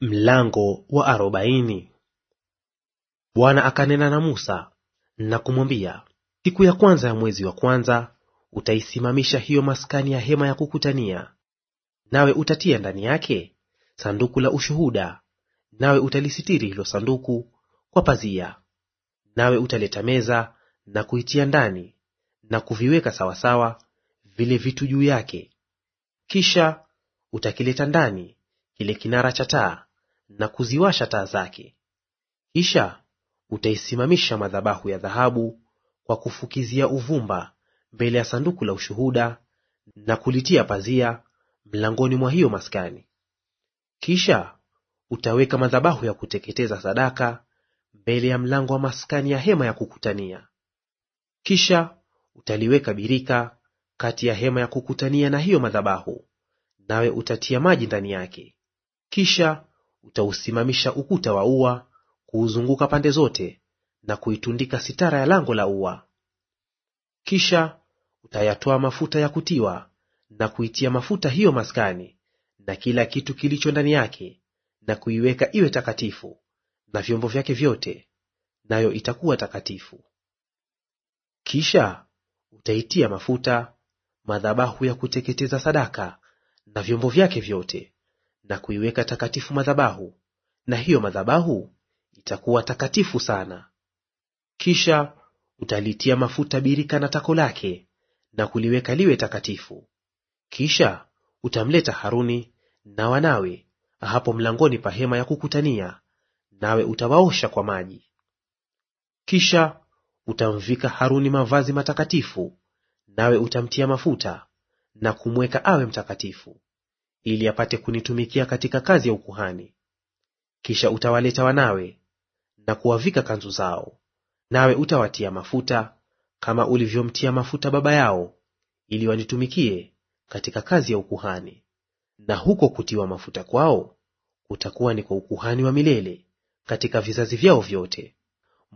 Mlango wa arobaini. Bwana akanena na Musa na kumwambia, siku ya kwanza ya mwezi wa kwanza utaisimamisha hiyo maskani ya hema ya kukutania, nawe utatia ndani yake sanduku la ushuhuda, nawe utalisitiri hilo sanduku kwa pazia. Nawe utaleta meza na kuitia ndani na kuviweka sawasawa vile vitu juu yake. Kisha utakileta ndani kile kinara cha taa na kuziwasha taa zake. Kisha utaisimamisha madhabahu ya dhahabu kwa kufukizia uvumba mbele ya sanduku la ushuhuda na kulitia pazia mlangoni mwa hiyo maskani. Kisha utaweka madhabahu ya kuteketeza sadaka mbele ya mlango wa maskani ya hema ya kukutania. Kisha utaliweka birika kati ya hema ya kukutania na hiyo madhabahu, nawe utatia maji ndani yake. Kisha Utausimamisha ukuta wa ua kuuzunguka pande zote, na kuitundika sitara ya lango la ua. Kisha utayatoa mafuta ya kutiwa na kuitia mafuta hiyo maskani na kila kitu kilicho ndani yake, na kuiweka iwe takatifu na vyombo vyake vyote, nayo itakuwa takatifu. Kisha utaitia mafuta madhabahu ya kuteketeza sadaka na vyombo vyake vyote na kuiweka takatifu madhabahu, na hiyo madhabahu itakuwa takatifu sana. Kisha utalitia mafuta birika na tako lake na kuliweka liwe takatifu. Kisha utamleta Haruni na wanawe hapo mlangoni pa hema ya kukutania, nawe utawaosha kwa maji. Kisha utamvika Haruni mavazi matakatifu, nawe utamtia mafuta na kumweka awe mtakatifu ili apate kunitumikia katika kazi ya ukuhani. Kisha utawaleta wanawe na kuwavika kanzu zao, nawe utawatia mafuta kama ulivyomtia mafuta baba yao, ili wanitumikie katika kazi ya ukuhani. Na huko kutiwa mafuta kwao kutakuwa ni kwa ukuhani wa milele katika vizazi vyao vyote.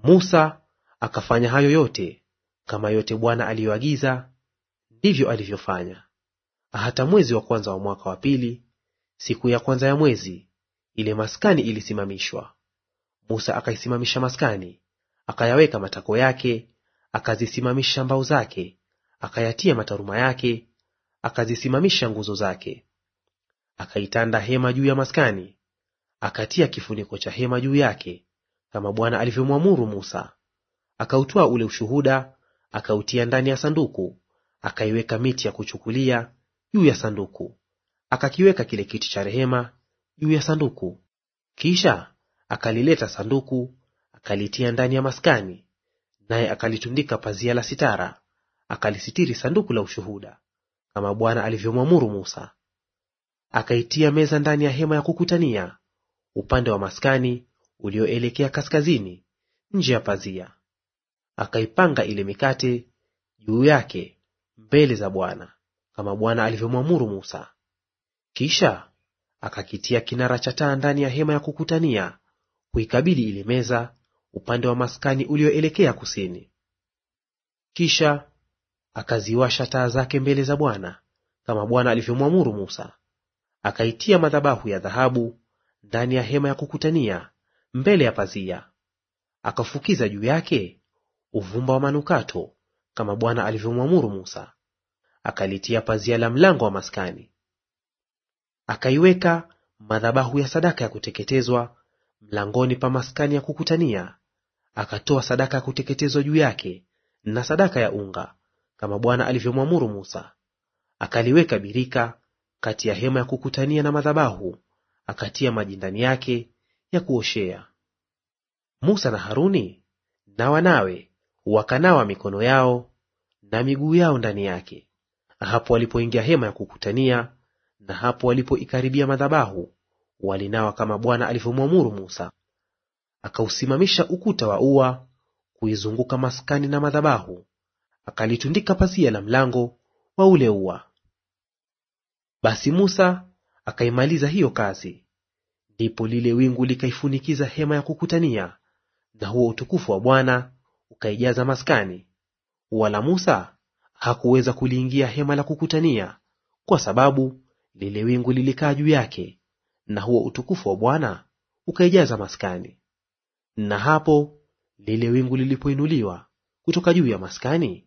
Musa akafanya hayo yote, kama yote Bwana aliyoagiza ndivyo alivyofanya hata mwezi wa kwanza wa mwaka wa pili, siku ya kwanza ya mwezi, ile maskani ilisimamishwa. Musa akaisimamisha maskani, akayaweka matako yake, akazisimamisha mbao zake, akayatia mataruma yake, akazisimamisha nguzo zake. Akaitanda hema juu ya maskani, akatia kifuniko cha hema juu yake, kama Bwana alivyomwamuru Musa. Akautwaa ule ushuhuda, akautia ndani ya sanduku, akaiweka miti ya kuchukulia juu ya sanduku, akakiweka kile kiti cha rehema juu ya sanduku. Kisha akalileta sanduku, akalitia ndani ya maskani, naye akalitundika pazia la sitara, akalisitiri sanduku la ushuhuda, kama Bwana alivyomwamuru Musa. Akaitia meza ndani ya hema ya kukutania upande wa maskani ulioelekea kaskazini, nje ya pazia. Akaipanga ile mikate juu yake mbele za Bwana kama Bwana alivyomwamuru Musa. Kisha akakitia kinara cha taa ndani ya hema ya kukutania kuikabili ile meza upande wa maskani ulioelekea kusini. Kisha akaziwasha taa zake mbele za Bwana kama Bwana alivyomwamuru Musa. Akaitia madhabahu ya dhahabu ndani ya hema ya kukutania mbele ya pazia, akafukiza juu yake uvumba wa manukato kama Bwana alivyomwamuru Musa akalitia pazia la mlango wa maskani. Akaiweka madhabahu ya sadaka ya kuteketezwa mlangoni pa maskani ya kukutania, akatoa sadaka ya kuteketezwa juu yake na sadaka ya unga, kama Bwana alivyomwamuru Musa. Akaliweka birika kati ya hema ya kukutania na madhabahu, akatia maji ndani yake ya kuoshea. Musa na Haruni na wanawe wakanawa mikono yao na miguu yao ndani yake. Hapo walipoingia hema ya kukutania na hapo walipoikaribia madhabahu, walinawa kama Bwana alivyomwamuru Musa. Akausimamisha ukuta wa ua kuizunguka maskani na madhabahu, akalitundika pazia la mlango wa ule ua. Basi Musa akaimaliza hiyo kazi, ndipo lile wingu likaifunikiza hema ya kukutania, na huo utukufu wa Bwana ukaijaza maskani. wala la Musa hakuweza kuliingia hema la kukutania, kwa sababu lile wingu lilikaa juu yake, na huo utukufu wa Bwana ukaijaza maskani. Na hapo lile wingu lilipoinuliwa kutoka juu ya maskani,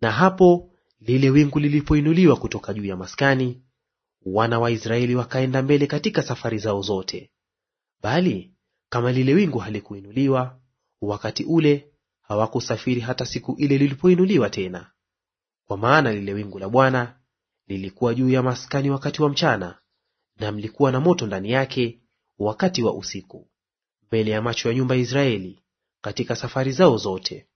na hapo lile wingu lilipoinuliwa kutoka juu ya maskani, wana wa Israeli wakaenda mbele katika safari zao zote. Bali kama lile wingu halikuinuliwa wakati ule, hawakusafiri hata siku ile lilipoinuliwa tena. Kwa maana lile wingu la Bwana lilikuwa juu ya maskani wakati wa mchana, na mlikuwa na moto ndani yake wakati wa usiku, mbele ya macho ya nyumba ya Israeli katika safari zao zote.